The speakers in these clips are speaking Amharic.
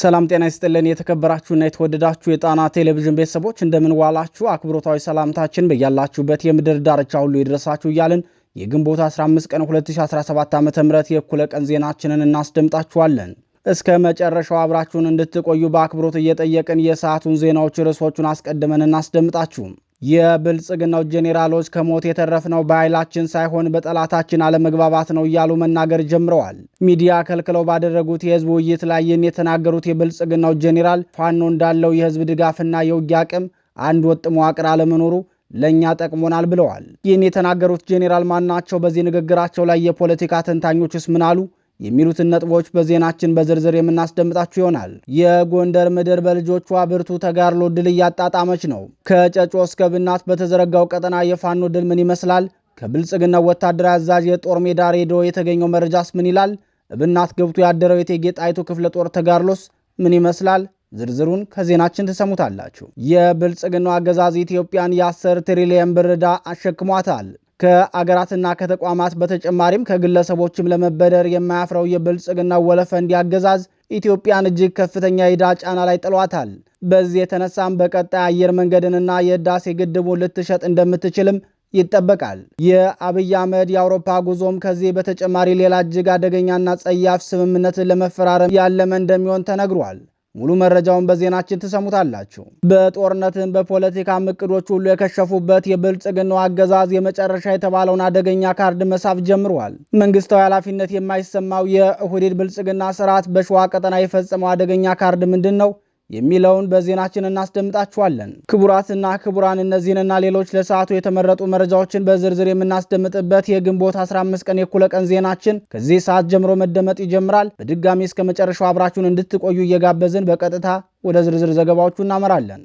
ሰላም ጤና ይስጥልን። የተከበራችሁና የተወደዳችሁ የጣና ቴሌቪዥን ቤተሰቦች እንደምን ዋላችሁ? አክብሮታዊ ሰላምታችን በያላችሁበት የምድር ዳርቻ ሁሉ ይድረሳችሁ እያልን የግንቦት 15 ቀን 2017 ዓ ም የእኩለ ቀን ዜናችንን እናስደምጣችኋለን። እስከ መጨረሻው አብራችሁን እንድትቆዩ በአክብሮት እየጠየቅን የሰዓቱን ዜናዎች ርዕሶቹን አስቀድመን እናስደምጣችሁም የብልጽግናው ጄኔራሎች ከሞት የተረፍነው በኃይላችን ሳይሆን በጠላታችን አለመግባባት ነው እያሉ መናገር ጀምረዋል። ሚዲያ ከልክለው ባደረጉት የህዝብ ውይይት ላይ ይህን የተናገሩት የብልጽግናው ጄኔራል ፋኖ እንዳለው የህዝብ ድጋፍና የውጊያ አቅም አንድ ወጥ መዋቅር አለመኖሩ ለእኛ ጠቅሞናል ብለዋል። ይህን የተናገሩት ጄኔራል ማናቸው? በዚህ ንግግራቸው ላይ የፖለቲካ ተንታኞችስ ምን አሉ? የሚሉትን ነጥቦች በዜናችን በዝርዝር የምናስደምጣችሁ ይሆናል። የጎንደር ምድር በልጆቿ ብርቱ ተጋድሎ ድል እያጣጣመች ነው። ከጨጮ እስከ ብናት በተዘረጋው ቀጠና የፋኖ ድል ምን ይመስላል? ከብልጽግናው ወታደራዊ አዛዥ የጦር ሜዳ ሬዲዮ የተገኘው መረጃስ ምን ይላል? እብናት ገብቶ ያደረው የእቴጌ ጣይቱ ክፍለ ጦር ተጋድሎስ ምን ይመስላል? ዝርዝሩን ከዜናችን ትሰሙታላችሁ። የብልጽግናው አገዛዝ ኢትዮጵያን የ10 ትሪሊየን ብር ዕዳ አሸክሟታል። ከአገራትና ከተቋማት በተጨማሪም ከግለሰቦችም ለመበደር የማያፍረው የብልጽግና ወለፈንድ አገዛዝ ኢትዮጵያን እጅግ ከፍተኛ የዕዳ ጫና ላይ ጥሏታል። በዚህ የተነሳም በቀጣይ አየር መንገድንና የህዳሴ ግድቡን ልትሸጥ እንደምትችልም ይጠበቃል። የአብይ አህመድ የአውሮፓ ጉዞም ከዚህ በተጨማሪ ሌላ እጅግ አደገኛና ጸያፍ ስምምነትን ለመፈራረም ያለመ እንደሚሆን ተነግሯል። ሙሉ መረጃውን በዜናችን ትሰሙታላችሁ። በጦርነትም በፖለቲካም እቅዶች ሁሉ የከሸፉበት የብልጽግናው አገዛዝ የመጨረሻ የተባለውን አደገኛ ካርድ መሳብ ጀምሯል። መንግስታዊ ኃላፊነት የማይሰማው የእሁድድ ብልጽግና ስርዓት በሸዋ ቀጠና የፈጸመው አደገኛ ካርድ ምንድን ነው? የሚለውን በዜናችን እናስደምጣችኋለን። ክቡራትና ክቡራን እነዚህንና ሌሎች ለሰዓቱ የተመረጡ መረጃዎችን በዝርዝር የምናስደምጥበት የግንቦት 15 ቀን የእኩለ ቀን ዜናችን ከዚህ ሰዓት ጀምሮ መደመጥ ይጀምራል። በድጋሚ እስከ መጨረሻው አብራችሁን እንድትቆዩ እየጋበዝን በቀጥታ ወደ ዝርዝር ዘገባዎቹ እናመራለን።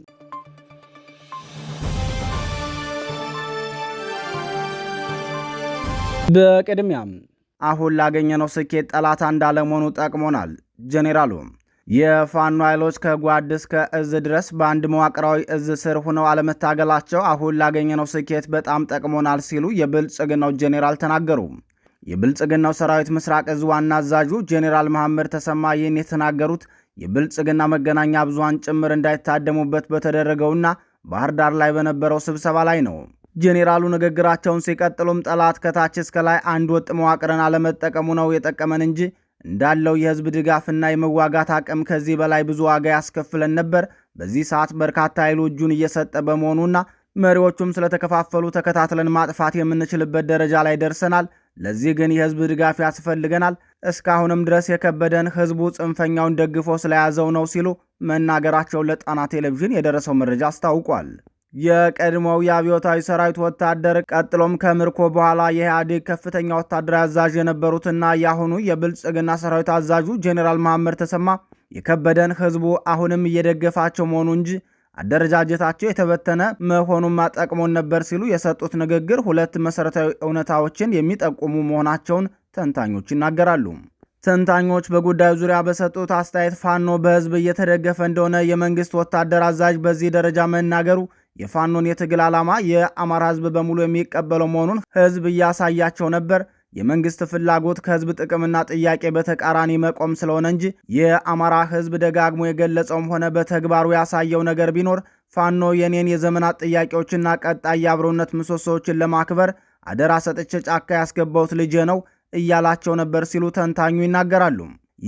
በቅድሚያም አሁን ላገኘነው ስኬት ጠላት እንዳለመሆኑ ጠቅሞናል ጄኔራሉ የፋኖ ኃይሎች ከጓድ እስከ እዝ ድረስ በአንድ መዋቅራዊ እዝ ስር ሆነው አለመታገላቸው አሁን ላገኘነው ስኬት በጣም ጠቅሞናል ሲሉ የብልጽግናው ጄኔራል ተናገሩ። የብልጽግናው ሰራዊት ምስራቅ እዝ ዋና አዛዡ ጄኔራል መሐመድ ተሰማ ይህን የተናገሩት የብልጽግና መገናኛ ብዙሃን ጭምር እንዳይታደሙበት በተደረገውና ባህር ዳር ላይ በነበረው ስብሰባ ላይ ነው። ጄኔራሉ ንግግራቸውን ሲቀጥሉም ጠላት ከታች እስከ ላይ አንድ ወጥ መዋቅርን አለመጠቀሙ ነው የጠቀመን እንጂ እንዳለው የህዝብ ድጋፍና የመዋጋት አቅም ከዚህ በላይ ብዙ ዋጋ ያስከፍለን ነበር። በዚህ ሰዓት በርካታ ኃይሉ እጁን እየሰጠ በመሆኑና መሪዎቹም ስለተከፋፈሉ ተከታትለን ማጥፋት የምንችልበት ደረጃ ላይ ደርሰናል። ለዚህ ግን የህዝብ ድጋፍ ያስፈልገናል። እስካሁንም ድረስ የከበደን ህዝቡ ጽንፈኛውን ደግፎ ስለያዘው ነው ሲሉ መናገራቸውን ለጣና ቴሌቪዥን የደረሰው መረጃ አስታውቋል። የቀድሞው የአብዮታዊ ሰራዊት ወታደር ቀጥሎም ከምርኮ በኋላ የኢህአዴግ ከፍተኛ ወታደራዊ አዛዥ የነበሩትና የአሁኑ የብልጽግና ሰራዊት አዛዡ ጄኔራል መሐመድ ተሰማ የከበደን ህዝቡ አሁንም እየደገፋቸው መሆኑ እንጂ አደረጃጀታቸው የተበተነ መሆኑን ማጠቅሞን ነበር ሲሉ የሰጡት ንግግር ሁለት መሠረታዊ እውነታዎችን የሚጠቁሙ መሆናቸውን ተንታኞች ይናገራሉ። ተንታኞች በጉዳዩ ዙሪያ በሰጡት አስተያየት ፋኖ በህዝብ እየተደገፈ እንደሆነ የመንግስት ወታደር አዛዥ በዚህ ደረጃ መናገሩ የፋኖን የትግል ዓላማ የአማራ ህዝብ በሙሉ የሚቀበለው መሆኑን ህዝብ እያሳያቸው ነበር። የመንግስት ፍላጎት ከህዝብ ጥቅምና ጥያቄ በተቃራኒ መቆም ስለሆነ እንጂ የአማራ ህዝብ ደጋግሞ የገለጸውም ሆነ በተግባሩ ያሳየው ነገር ቢኖር ፋኖ የኔን የዘመናት ጥያቄዎችና ቀጣይ የአብሮነት ምሰሶዎችን ለማክበር አደራ ሰጥቼ ጫካ ያስገባሁት ልጄ ነው እያላቸው ነበር ሲሉ ተንታኙ ይናገራሉ።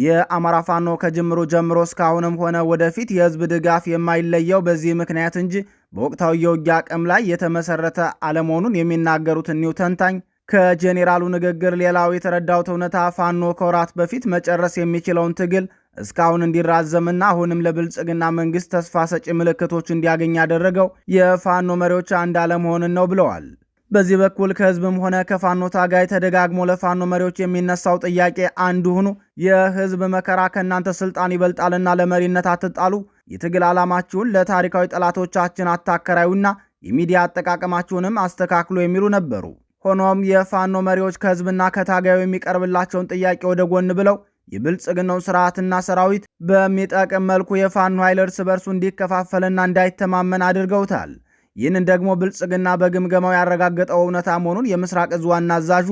የአማራ ፋኖ ከጅምሩ ጀምሮ እስካሁንም ሆነ ወደፊት የህዝብ ድጋፍ የማይለየው በዚህ ምክንያት እንጂ በወቅታዊ የውጊያ አቅም ላይ የተመሰረተ አለመሆኑን የሚናገሩት እኒው ተንታኝ ከጄኔራሉ ንግግር ሌላው የተረዳሁት እውነታ ፋኖ ከወራት በፊት መጨረስ የሚችለውን ትግል እስካሁን እንዲራዘምና አሁንም ለብልጽግና መንግስት ተስፋ ሰጪ ምልክቶች እንዲያገኝ ያደረገው የፋኖ መሪዎች አንድ አለመሆንን ነው ብለዋል። በዚህ በኩል ከህዝብም ሆነ ከፋኖ ታጋይ ተደጋግሞ ለፋኖ መሪዎች የሚነሳው ጥያቄ አንዱ ሁኑ፣ የህዝብ መከራ ከእናንተ ስልጣን ይበልጣልና ለመሪነት አትጣሉ የትግል ዓላማችሁን ለታሪካዊ ጠላቶቻችን አታከራዩና የሚዲያ አጠቃቀማችሁንም አስተካክሎ የሚሉ ነበሩ። ሆኖም የፋኖ መሪዎች ከህዝብና ከታጋዩ የሚቀርብላቸውን ጥያቄ ወደ ጎን ብለው የብልጽግናው ስርዓትና ሰራዊት በሚጠቅም መልኩ የፋኖ ኃይል እርስ በርሱ እንዲከፋፈልና እንዳይተማመን አድርገውታል። ይህንን ደግሞ ብልጽግና በግምገማው ያረጋገጠው እውነታ መሆኑን የምስራቅ እዝ ዋና አዛዡ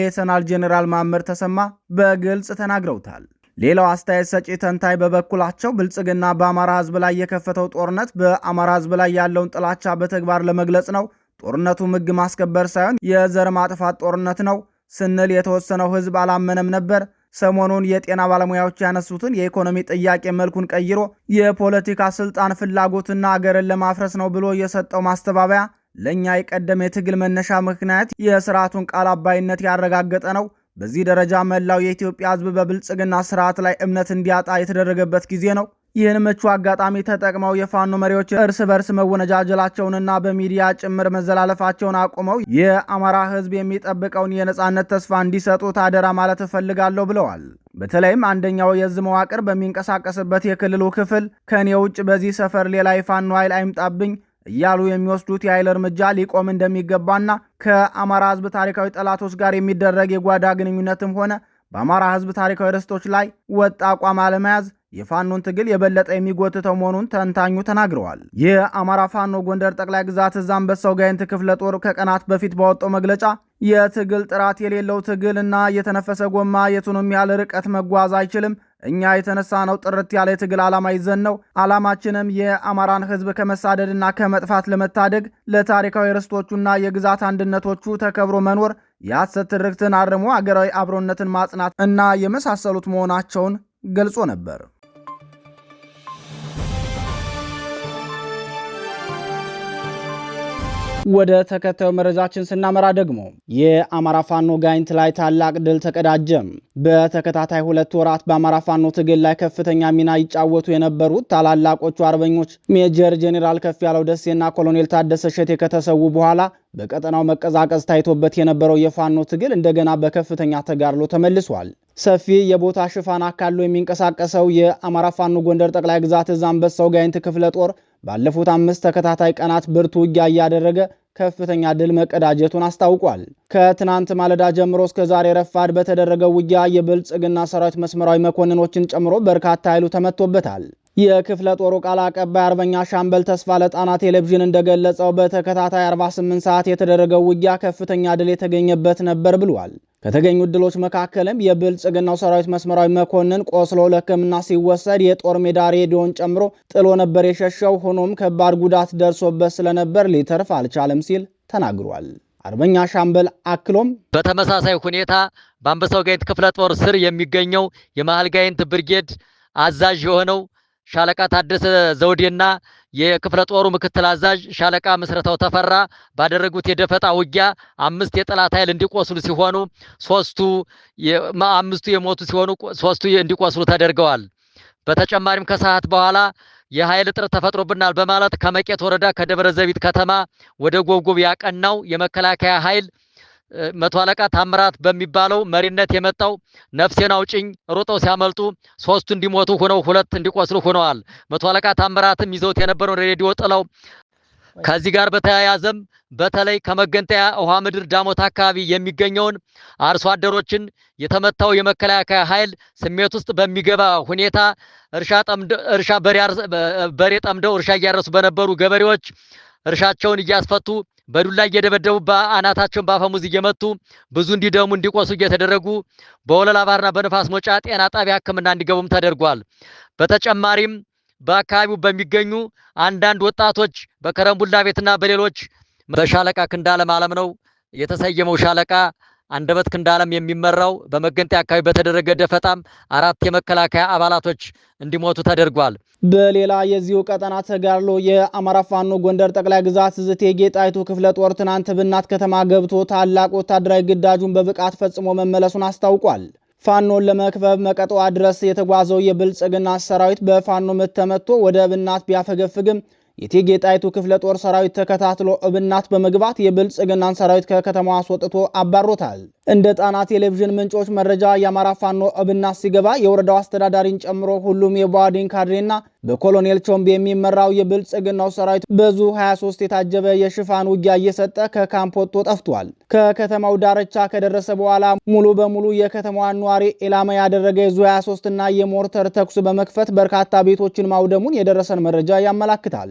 ሌተናል ጄኔራል ማመር ተሰማ በግልጽ ተናግረውታል። ሌላው አስተያየት ሰጪ ተንታኝ በበኩላቸው ብልጽግና በአማራ ህዝብ ላይ የከፈተው ጦርነት በአማራ ህዝብ ላይ ያለውን ጥላቻ በተግባር ለመግለጽ ነው። ጦርነቱ ህግ ማስከበር ሳይሆን የዘር ማጥፋት ጦርነት ነው ስንል የተወሰነው ህዝብ አላመነም ነበር። ሰሞኑን የጤና ባለሙያዎች ያነሱትን የኢኮኖሚ ጥያቄ መልኩን ቀይሮ የፖለቲካ ስልጣን ፍላጎትና አገርን ለማፍረስ ነው ብሎ የሰጠው ማስተባበያ ለእኛ የቀደመ የትግል መነሻ ምክንያት የስርዓቱን ቃል አባይነት ያረጋገጠ ነው በዚህ ደረጃ መላው የኢትዮጵያ ሕዝብ በብልጽግና ስርዓት ላይ እምነት እንዲያጣ የተደረገበት ጊዜ ነው። ይህን ምቹ አጋጣሚ ተጠቅመው የፋኖ መሪዎች እርስ በርስ መወነጃጀላቸውንና በሚዲያ ጭምር መዘላለፋቸውን አቁመው የአማራ ህዝብ የሚጠብቀውን የነፃነት ተስፋ እንዲሰጡት አደራ ማለት እፈልጋለሁ ብለዋል። በተለይም አንደኛው የዝ መዋቅር በሚንቀሳቀስበት የክልሉ ክፍል ከእኔ ውጭ በዚህ ሰፈር ሌላ የፋኖ ኃይል አይምጣብኝ እያሉ የሚወስዱት የኃይል እርምጃ ሊቆም እንደሚገባና ከአማራ ህዝብ ታሪካዊ ጠላቶች ጋር የሚደረግ የጓዳ ግንኙነትም ሆነ በአማራ ህዝብ ታሪካዊ ርስቶች ላይ ወጥ አቋም አለመያዝ የፋኖን ትግል የበለጠ የሚጎትተው መሆኑን ተንታኙ ተናግረዋል። የአማራ ፋኖ ጎንደር ጠቅላይ ግዛት እዝ አንበሳው ጋይንት ክፍለ ጦር ከቀናት በፊት ባወጣው መግለጫ የትግል ጥራት የሌለው ትግል እና የተነፈሰ ጎማ የቱንም ያህል ርቀት መጓዝ አይችልም እኛ የተነሳ ነው ጥርት ያለ የትግል ዓላማ ይዘን ነው። ዓላማችንም የአማራን ሕዝብ ከመሳደድና ከመጥፋት ለመታደግ ለታሪካዊ ርስቶቹና የግዛት አንድነቶቹ ተከብሮ መኖር፣ የሐሰት ትርክትን አርሞ አገራዊ አብሮነትን ማጽናት እና የመሳሰሉት መሆናቸውን ገልጾ ነበር። ወደ ተከታዩ መረጃችን ስናመራ ደግሞ የአማራ ፋኖ ጋይንት ላይ ታላቅ ድል ተቀዳጀም። በተከታታይ ሁለት ወራት በአማራ ፋኖ ትግል ላይ ከፍተኛ ሚና ይጫወቱ የነበሩት ታላላቆቹ አርበኞች ሜጀር ጄኔራል ያለው ደሴና ኮሎኔል ታደሰ ሸቴ ከተሰዉ በኋላ በቀጠናው መቀዛቀዝ ታይቶበት የነበረው የፋኖ ትግል እንደገና በከፍተኛ ተጋድሎ ተመልሷል። ሰፊ የቦታ ሽፋን አካሎ የሚንቀሳቀሰው የአማራ ፋኖ ጎንደር ጠቅላይ ግዛት እዝ አንበሳው ጋይንት ክፍለ ጦር ባለፉት አምስት ተከታታይ ቀናት ብርቱ ውጊያ እያደረገ ከፍተኛ ድል መቀዳጀቱን አስታውቋል። ከትናንት ማለዳ ጀምሮ እስከ ዛሬ ረፋድ በተደረገው ውጊያ የብልጽግና ሰራዊት መስመራዊ መኮንኖችን ጨምሮ በርካታ ኃይሉ ተመትቶበታል። የክፍለ ጦሩ ቃል አቀባይ አርበኛ ሻምበል ተስፋ ለጣና ቴሌቪዥን እንደገለጸው በተከታታይ 48 ሰዓት የተደረገው ውጊያ ከፍተኛ ድል የተገኘበት ነበር ብሏል። ከተገኙ ድሎች መካከልም የብልጽግናው ሰራዊት መስመራዊ መኮንን ቆስሎ ለሕክምና ሲወሰድ የጦር ሜዳ ሬዲዮን ጨምሮ ጥሎ ነበር የሸሸው። ሆኖም ከባድ ጉዳት ደርሶበት ስለነበር ሊተርፍ አልቻለም ሲል ተናግሯል። አርበኛ ሻምበል አክሎም በተመሳሳይ ሁኔታ በአንበሳው ጋይንት ክፍለ ጦር ስር የሚገኘው የመሃል ጋይንት ብርጌድ አዛዥ የሆነው ሻለቃ ታደሰ ዘውዴና የክፍለ ጦሩ ምክትል አዛዥ ሻለቃ ምስረታው ተፈራ ባደረጉት የደፈጣ ውጊያ አምስት የጠላት ኃይል እንዲቆስሉ ሲሆኑ ሶስቱ አምስቱ የሞቱ ሲሆኑ ሶስቱ እንዲቆስሉ ተደርገዋል። በተጨማሪም ከሰዓት በኋላ የኃይል እጥረት ተፈጥሮብናል በማለት ከመቄት ወረዳ ከደብረ ዘቢት ከተማ ወደ ጎብጎብ ያቀናው የመከላከያ ኃይል መቶ አለቃ ታምራት በሚባለው መሪነት የመጣው ነፍሴን አውጭኝ ሮጠው ሲያመልጡ ሶስቱ እንዲሞቱ ሆነው ሁለት እንዲቆስሉ ሆነዋል። መቶ አለቃ ታምራትም ይዘውት የነበረውን ሬዲዮ ጥለው ከዚህ ጋር በተያያዘም በተለይ ከመገንጠያ ውሃ ምድር ዳሞት አካባቢ የሚገኘውን አርሶ አደሮችን የተመታው የመከላከያ ኃይል ስሜት ውስጥ በሚገባ ሁኔታ እርሻ በሬ ጠምደው እርሻ እያረሱ በነበሩ ገበሬዎች እርሻቸውን እያስፈቱ በዱላ እየደበደቡ በአናታቸውን በአፈሙዝ እየመቱ ብዙ እንዲደሙ እንዲቆሱ እየተደረጉ በወለላ ባህርና በንፋስ መውጫ ጤና ጣቢያ ሕክምና እንዲገቡም ተደርጓል። በተጨማሪም በአካባቢው በሚገኙ አንዳንድ ወጣቶች በከረምቡላ ቤትና በሌሎች በሻለቃ ክንዳለም አለም ነው የተሰየመው ሻለቃ አንደበት ክንዳለም የሚመራው በመገንጠያ አካባቢ በተደረገ ደፈጣም አራት የመከላከያ አባላቶች እንዲሞቱ ተደርጓል። በሌላ የዚሁ ቀጠና ተጋድሎ የአማራ ፋኖ ጎንደር ጠቅላይ ግዛት እዝ እቴጌ ጣይቱ ክፍለ ጦር ትናንት ብናት ከተማ ገብቶ ታላቅ ወታደራዊ ግዳጁን በብቃት ፈጽሞ መመለሱን አስታውቋል። ፋኖን ለመክበብ መቀጠዋ ድረስ የተጓዘው የብልጽግና ሰራዊት በፋኖ ምት ተመቶ ወደ ብናት ቢያፈገፍግም የእቴጌ ጣይቱ ክፍለ ጦር ሰራዊት ተከታትሎ እብናት በመግባት የብልጽግናን ሰራዊት ከከተማዋ አስወጥቶ አባሮታል። እንደ ጣና ቴሌቪዥን ምንጮች መረጃ የአማራ ፋኖ እብናት ሲገባ የወረዳው አስተዳዳሪን ጨምሮ ሁሉም የባዲን ካድሬና በኮሎኔል ቾምብ የሚመራው የብልጽግናው ሰራዊት በዙ 23 የታጀበ የሽፋን ውጊያ እየሰጠ ከካምፕ ወጥቶ ጠፍቷል። ከከተማው ዳርቻ ከደረሰ በኋላ ሙሉ በሙሉ የከተማዋን ነዋሪ ኢላማ ያደረገ የዙ 23ና የሞርተር ተኩስ በመክፈት በርካታ ቤቶችን ማውደሙን የደረሰን መረጃ ያመላክታል።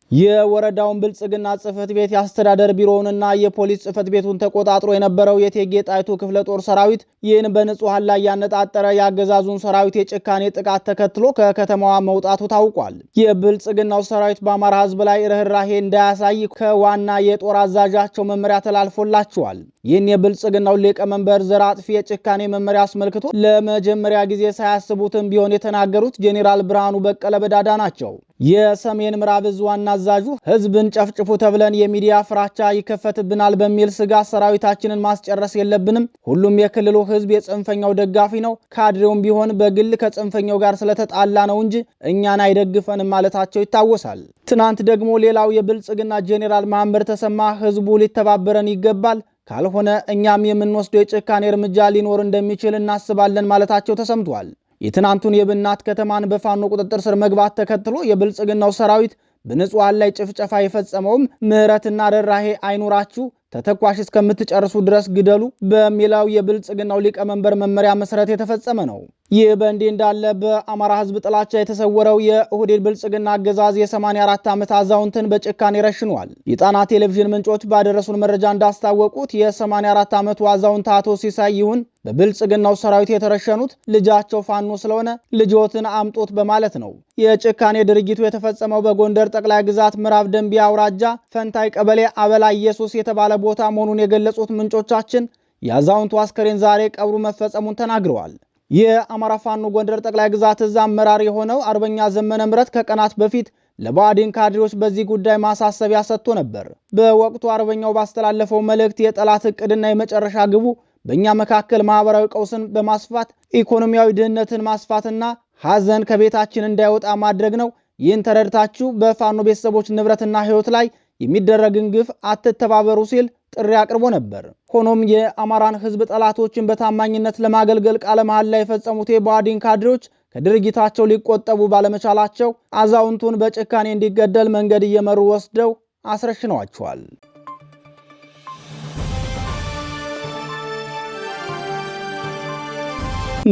የወረዳውን ብልጽግና ጽህፈት ቤት የአስተዳደር ቢሮውንና የፖሊስ ጽህፈት ቤቱን ተቆጣጥሮ የነበረው የእቴጌ ጣይቱ ክፍለ ጦር ሰራዊት ይህን በንጹሐን ላይ ያነጣጠረ የአገዛዙን ሰራዊት የጭካኔ ጥቃት ተከትሎ ከከተማዋ መውጣቱ ታውቋል። የብልጽግናው ሰራዊት በአማራ ህዝብ ላይ ርኅራሄ እንዳያሳይ ከዋና የጦር አዛዣቸው መመሪያ ተላልፎላቸዋል። ይህን የብልጽግናው ሊቀመንበር ዘር አጥፊ የጭካኔ መመሪያ አስመልክቶ ለመጀመሪያ ጊዜ ሳያስቡትም ቢሆን የተናገሩት ጄኔራል ብርሃኑ በቀለ በዳዳ ናቸው። የሰሜን ምዕራብ እዝ ዋና አዛዡ ህዝብን ጨፍጭፉ ተብለን የሚዲያ ፍራቻ ይከፈትብናል በሚል ስጋት ሰራዊታችንን ማስጨረስ የለብንም። ሁሉም የክልሉ ህዝብ የጽንፈኛው ደጋፊ ነው። ካድሬውም ቢሆን በግል ከጽንፈኛው ጋር ስለተጣላ ነው እንጂ እኛን አይደግፈንም ማለታቸው ይታወሳል። ትናንት ደግሞ ሌላው የብልጽግና ጄኔራል መሐመድ ተሰማ ህዝቡ ሊተባበረን ይገባል ካልሆነ እኛም የምንወስደው የጭካኔ እርምጃ ሊኖር እንደሚችል እናስባለን ማለታቸው ተሰምቷል። የትናንቱን የብናት ከተማን በፋኖ ቁጥጥር ስር መግባት ተከትሎ የብልጽግናው ሰራዊት በንጹሐን ላይ ጭፍጨፋ የፈጸመውም ምሕረትና ርኅራሄ አይኑራችሁ ተተኳሽ እስከምትጨርሱ ድረስ ግደሉ በሚለው የብልጽግናው ሊቀመንበር መመሪያ መሰረት የተፈጸመ ነው። ይህ በእንዲህ እንዳለ በአማራ ህዝብ ጥላቻ የተሰወረው የኦህዴድ ብልጽግና አገዛዝ የ84 ዓመት አዛውንትን በጭካኔ ረሽኗል። የጣና ቴሌቪዥን ምንጮች ባደረሱን መረጃ እንዳስታወቁት የ84 ዓመቱ አዛውንት አቶ ሲሳይ ይሁን በብልጽግናው ሰራዊት የተረሸኑት ልጃቸው ፋኖ ስለሆነ ልጆትን አምጦት በማለት ነው። የጭካኔ ድርጊቱ የተፈጸመው በጎንደር ጠቅላይ ግዛት ምዕራብ ደንቢያ አውራጃ ፈንታይ ቀበሌ አበላ ኢየሱስ የተባለ ቦታ መሆኑን የገለጹት ምንጮቻችን የአዛውንቱ አስከሬን ዛሬ ቀብሩ መፈጸሙን ተናግረዋል። የአማራ ፋኖ ጎንደር ጠቅላይ ግዛት እዝ አመራር የሆነው አርበኛ ዘመነ ምረት ከቀናት በፊት ለብአዴን ካድሬዎች በዚህ ጉዳይ ማሳሰቢያ ሰጥቶ ነበር። በወቅቱ አርበኛው ባስተላለፈው መልእክት የጠላት እቅድና የመጨረሻ ግቡ በእኛ መካከል ማህበራዊ ቀውስን በማስፋት ኢኮኖሚያዊ ድህነትን ማስፋትና ሀዘን ከቤታችን እንዳይወጣ ማድረግ ነው። ይህን ተረድታችሁ በፋኖ ቤተሰቦች ንብረትና ህይወት ላይ የሚደረግን ግፍ አትተባበሩ ሲል ጥሪ አቅርቦ ነበር። ሆኖም የአማራን ህዝብ ጠላቶችን በታማኝነት ለማገልገል ቃለ ላይ የፈጸሙት የብአዴን ካድሬዎች ከድርጊታቸው ሊቆጠቡ ባለመቻላቸው አዛውንቱን በጭካኔ እንዲገደል መንገድ እየመሩ ወስደው አስረሽነዋቸዋል።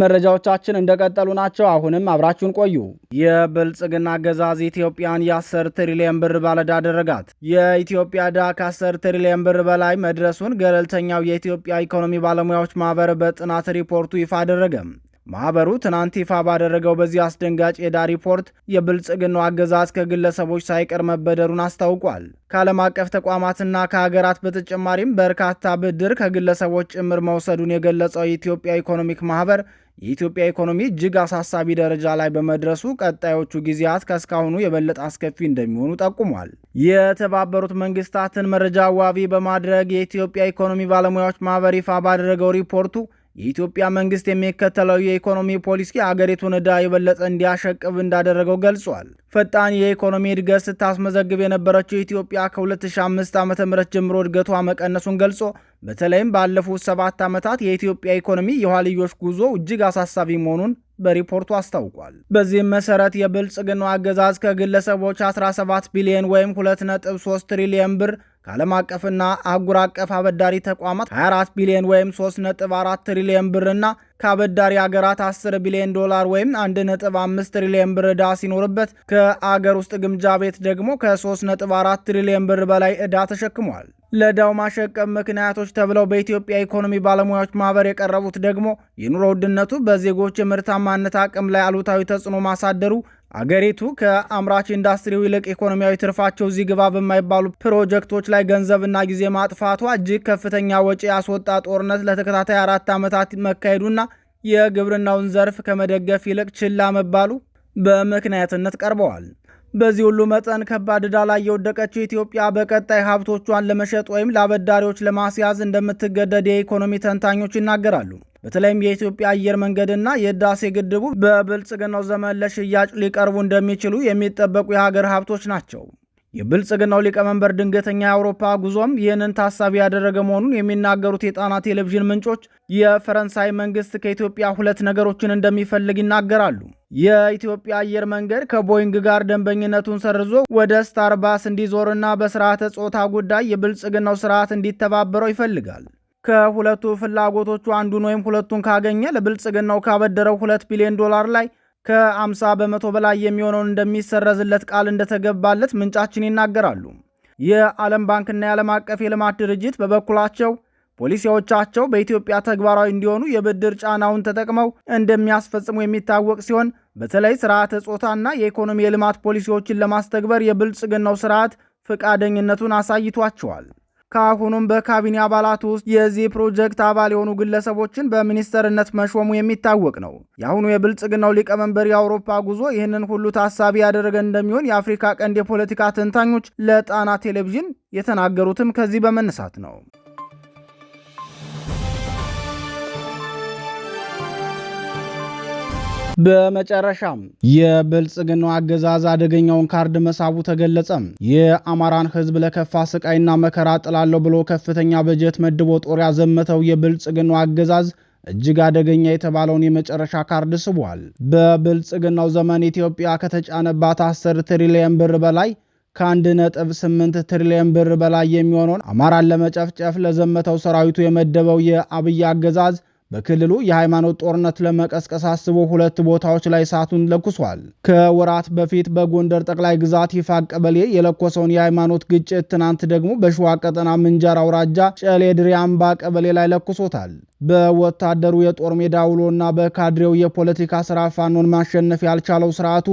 መረጃዎቻችን እንደቀጠሉ ናቸው። አሁንም አብራችሁን ቆዩ። የብልጽግና አገዛዝ ኢትዮጵያን የ10 ትሪሊየን ብር ባለዕዳ አደረጋት። የኢትዮጵያ ዕዳ 10 ትሪሊየን ብር በላይ መድረሱን ገለልተኛው የኢትዮጵያ ኢኮኖሚ ባለሙያዎች ማህበር በጥናት ሪፖርቱ ይፋ አደረገ። ማህበሩ ትናንት ይፋ ባደረገው በዚህ አስደንጋጭ የዳ ሪፖርት የብልጽግናው አገዛዝ ከግለሰቦች ሳይቀር መበደሩን አስታውቋል። ከዓለም አቀፍ ተቋማትና ከሀገራት በተጨማሪም በርካታ ብድር ከግለሰቦች ጭምር መውሰዱን የገለጸው የኢትዮጵያ ኢኮኖሚክ ማህበር የኢትዮጵያ ኢኮኖሚ እጅግ አሳሳቢ ደረጃ ላይ በመድረሱ ቀጣዮቹ ጊዜያት ከእስካሁኑ የበለጠ አስከፊ እንደሚሆኑ ጠቁሟል። የተባበሩት መንግስታትን መረጃ ዋቢ በማድረግ የኢትዮጵያ ኢኮኖሚ ባለሙያዎች ማህበር ይፋ ባደረገው ሪፖርቱ የኢትዮጵያ መንግስት የሚከተለው የኢኮኖሚ ፖሊሲ አገሪቱን ዕዳ የበለጠ እንዲያሸቅብ እንዳደረገው ገልጿል። ፈጣን የኢኮኖሚ እድገት ስታስመዘግብ የነበረችው ኢትዮጵያ ከ2005 ዓ ም ጀምሮ እድገቷ መቀነሱን ገልጾ በተለይም ባለፉት ሰባት ዓመታት የኢትዮጵያ ኢኮኖሚ የኋልዮሽ ጉዞ እጅግ አሳሳቢ መሆኑን በሪፖርቱ አስታውቋል። በዚህም መሰረት የብልጽግናው አገዛዝ ከግለሰቦች 17 ቢሊዮን ወይም 2.3 ትሪሊየን ብር ከዓለም አቀፍና አህጉር አቀፍ አበዳሪ ተቋማት 24 ቢሊዮን ወይም 3.4 ትሪሊየን ብርና ከአበዳሪ አገራት 10 ቢሊዮን ዶላር ወይም 1.5 ትሪሊየን ብር ዕዳ ሲኖርበት ከአገር ውስጥ ግምጃ ቤት ደግሞ ከ3.4 ትሪሊየን ብር በላይ ዕዳ ተሸክሟል። ለዳው ማሸቀብ ምክንያቶች ተብለው በኢትዮጵያ ኢኮኖሚ ባለሙያዎች ማህበር የቀረቡት ደግሞ የኑሮ ውድነቱ በዜጎች የምርታማነት አቅም ላይ አሉታዊ ተጽዕኖ ማሳደሩ አገሪቱ ከአምራች ኢንዱስትሪው ይልቅ ኢኮኖሚያዊ ትርፋቸው እዚህ ግባ በማይባሉ ፕሮጀክቶች ላይ ገንዘብና ጊዜ ማጥፋቷ እጅግ ከፍተኛ ወጪ ያስወጣ ጦርነት ለተከታታይ አራት ዓመታት መካሄዱና የግብርናውን ዘርፍ ከመደገፍ ይልቅ ችላ መባሉ በምክንያትነት ቀርበዋል። በዚህ ሁሉ መጠን ከባድ ዕዳ ላይ የወደቀችው ኢትዮጵያ በቀጣይ ሀብቶቿን ለመሸጥ ወይም ለአበዳሪዎች ለማስያዝ እንደምትገደድ የኢኮኖሚ ተንታኞች ይናገራሉ። በተለይም የኢትዮጵያ አየር መንገድና የህዳሴ ግድቡ በብልጽግናው ዘመን ለሽያጭ ሊቀርቡ እንደሚችሉ የሚጠበቁ የሀገር ሀብቶች ናቸው። የብልጽግናው ሊቀመንበር ድንገተኛ የአውሮፓ ጉዞም ይህንን ታሳቢ ያደረገ መሆኑን የሚናገሩት የጣና ቴሌቪዥን ምንጮች የፈረንሳይ መንግስት ከኢትዮጵያ ሁለት ነገሮችን እንደሚፈልግ ይናገራሉ። የኢትዮጵያ አየር መንገድ ከቦይንግ ጋር ደንበኝነቱን ሰርዞ ወደ ስታርባስ እንዲዞርና በስርዓተ ጾታ ጉዳይ የብልጽግናው ስርዓት እንዲተባበረው ይፈልጋል። ከሁለቱ ፍላጎቶቹ አንዱን ወይም ሁለቱን ካገኘ ለብልጽግናው ካበደረው ሁለት ቢሊዮን ዶላር ላይ ከ50 በመቶ በላይ የሚሆነውን እንደሚሰረዝለት ቃል እንደተገባለት ምንጫችን ይናገራሉ። የዓለም ባንክና የዓለም አቀፍ የልማት ድርጅት በበኩላቸው ፖሊሲዎቻቸው በኢትዮጵያ ተግባራዊ እንዲሆኑ የብድር ጫናውን ተጠቅመው እንደሚያስፈጽሙ የሚታወቅ ሲሆን በተለይ ስርዓተ ጾታና የኢኮኖሚ የልማት ፖሊሲዎችን ለማስተግበር የብልጽግናው ስርዓት ፈቃደኝነቱን አሳይቷቸዋል። ከአሁኑም በካቢኔ አባላት ውስጥ የዚህ ፕሮጀክት አባል የሆኑ ግለሰቦችን በሚኒስተርነት መሾሙ የሚታወቅ ነው። የአሁኑ የብልጽግናው ሊቀመንበር የአውሮፓ ጉዞ ይህንን ሁሉ ታሳቢ ያደረገ እንደሚሆን የአፍሪካ ቀንድ የፖለቲካ ተንታኞች ለጣና ቴሌቪዥን የተናገሩትም ከዚህ በመነሳት ነው። በመጨረሻም የብልጽግናው አገዛዝ አደገኛውን ካርድ መሳቡ ተገለጸ። የአማራን ህዝብ ለከፋ ስቃይና መከራ ጥላለሁ ብሎ ከፍተኛ በጀት መድቦ ጦር ያዘመተው የብልጽግናው አገዛዝ እጅግ አደገኛ የተባለውን የመጨረሻ ካርድ ስቧል። በብልጽግናው ዘመን ኢትዮጵያ ከተጫነባት 10 ትሪሊየን ብር በላይ ከአንድ ነጥብ 8 ትሪሊየን ብር በላይ የሚሆነውን አማራን ለመጨፍጨፍ ለዘመተው ሰራዊቱ የመደበው የአብይ አገዛዝ በክልሉ የሃይማኖት ጦርነት ለመቀስቀስ አስቦ ሁለት ቦታዎች ላይ እሳቱን ለኩሷል። ከወራት በፊት በጎንደር ጠቅላይ ግዛት ይፋ ቀበሌ የለኮሰውን የሃይማኖት ግጭት ትናንት ደግሞ በሸዋ ቀጠና ምንጃር አውራጃ ጨሌ ድሬ አምባ ቀበሌ ላይ ለኩሶታል። በወታደሩ የጦር ሜዳ ውሎና በካድሬው የፖለቲካ ስራ ፋኖን ማሸነፍ ያልቻለው ስርዓቱ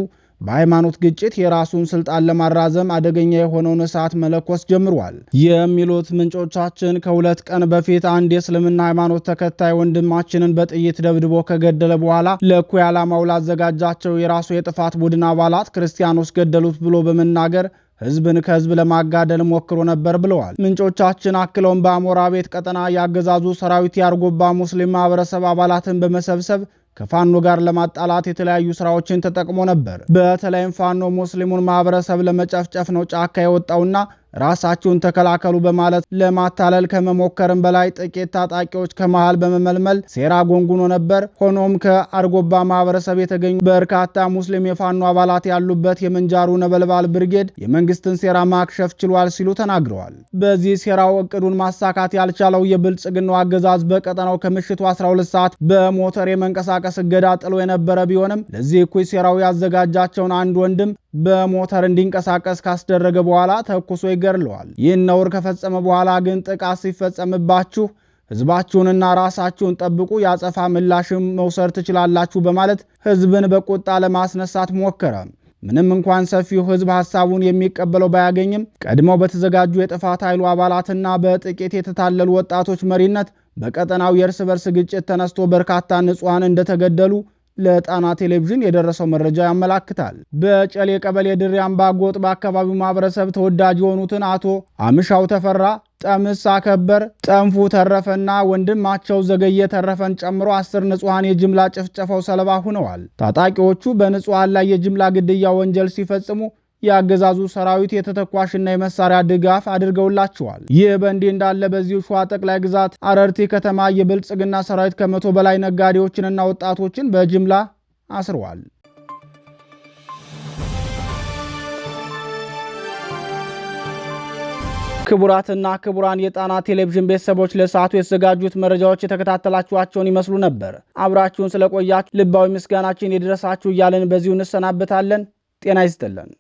በሃይማኖት ግጭት የራሱን ስልጣን ለማራዘም አደገኛ የሆነውን እሳት መለኮስ ጀምሯል የሚሉት ምንጮቻችን ከሁለት ቀን በፊት አንድ የእስልምና ሃይማኖት ተከታይ ወንድማችንን በጥይት ደብድቦ ከገደለ በኋላ ለእኩይ ዓላማው ላዘጋጃቸው የራሱ የጥፋት ቡድን አባላት ክርስቲያኖች ገደሉት ብሎ በመናገር ህዝብን ከህዝብ ለማጋደል ሞክሮ ነበር ብለዋል። ምንጮቻችን አክለውም በአሞራ ቤት ቀጠና ያገዛዙ ሰራዊት ያርጎባ ሙስሊም ማህበረሰብ አባላትን በመሰብሰብ ከፋኖ ጋር ለማጣላት የተለያዩ ስራዎችን ተጠቅሞ ነበር። በተለይም ፋኖ ሙስሊሙን ማህበረሰብ ለመጨፍጨፍ ነው ጫካ የወጣውና ራሳችሁን ተከላከሉ በማለት ለማታለል ከመሞከርም በላይ ጥቂት ታጣቂዎች ከመሃል በመመልመል ሴራ ጎንጉኖ ነበር። ሆኖም ከአርጎባ ማህበረሰብ የተገኙ በርካታ ሙስሊም የፋኖ አባላት ያሉበት የምንጃሩ ነበልባል ብርጌድ የመንግስትን ሴራ ማክሸፍ ችሏል ሲሉ ተናግረዋል። በዚህ ሴራው እቅዱን ማሳካት ያልቻለው የብልጽግናው አገዛዝ በቀጠናው ከምሽቱ 12 ሰዓት በሞተር የመንቀሳቀስ እገዳ ጥሎ የነበረ ቢሆንም ለዚህ እኩይ ሴራው ያዘጋጃቸውን አንድ ወንድም በሞተር እንዲንቀሳቀስ ካስደረገ በኋላ ተኩሶ ይገድለዋል። ይህን ነውር ከፈጸመ በኋላ ግን ጥቃት ሲፈጸምባችሁ ህዝባችሁንና ራሳችሁን ጠብቁ፣ ያጸፋ ምላሽም መውሰድ ትችላላችሁ በማለት ህዝብን በቁጣ ለማስነሳት ሞከረ። ምንም እንኳን ሰፊው ህዝብ ሐሳቡን የሚቀበለው ባያገኝም ቀድሞ በተዘጋጁ የጥፋት ኃይሉ አባላትና በጥቂት የተታለሉ ወጣቶች መሪነት በቀጠናው የእርስ በርስ ግጭት ተነስቶ በርካታ ንጹሐን እንደተገደሉ ለጣና ቴሌቪዥን የደረሰው መረጃ ያመላክታል። በጨሌ ቀበሌ ድሬ አምባ ጎጥ በአካባቢው ማህበረሰብ ተወዳጅ የሆኑትን አቶ አምሻው ተፈራ ጠምስ አከበር ጠንፉ ተረፈና ወንድማቸው ዘገየ ተረፈን ጨምሮ አስር ንጹሐን የጅምላ ጭፍጨፋው ሰለባ ሆነዋል። ታጣቂዎቹ በንጹሐን ላይ የጅምላ ግድያ ወንጀል ሲፈጽሙ የአገዛዙ ሰራዊት የተተኳሽና የመሳሪያ ድጋፍ አድርገውላቸዋል። ይህ በእንዲህ እንዳለ በዚሁ ሸዋ ጠቅላይ ግዛት አረርቲ ከተማ የብልጽግና ሰራዊት ከመቶ በላይ ነጋዴዎችንና ወጣቶችን በጅምላ አስረዋል። ክቡራትና ክቡራን የጣና ቴሌቪዥን ቤተሰቦች ለሰዓቱ የተዘጋጁት መረጃዎች የተከታተላችኋቸውን ይመስሉ ነበር። አብራችሁን ስለቆያችሁ ልባዊ ምስጋናችን የደረሳችሁ እያለን በዚሁ እንሰናበታለን። ጤና ይስጥልን።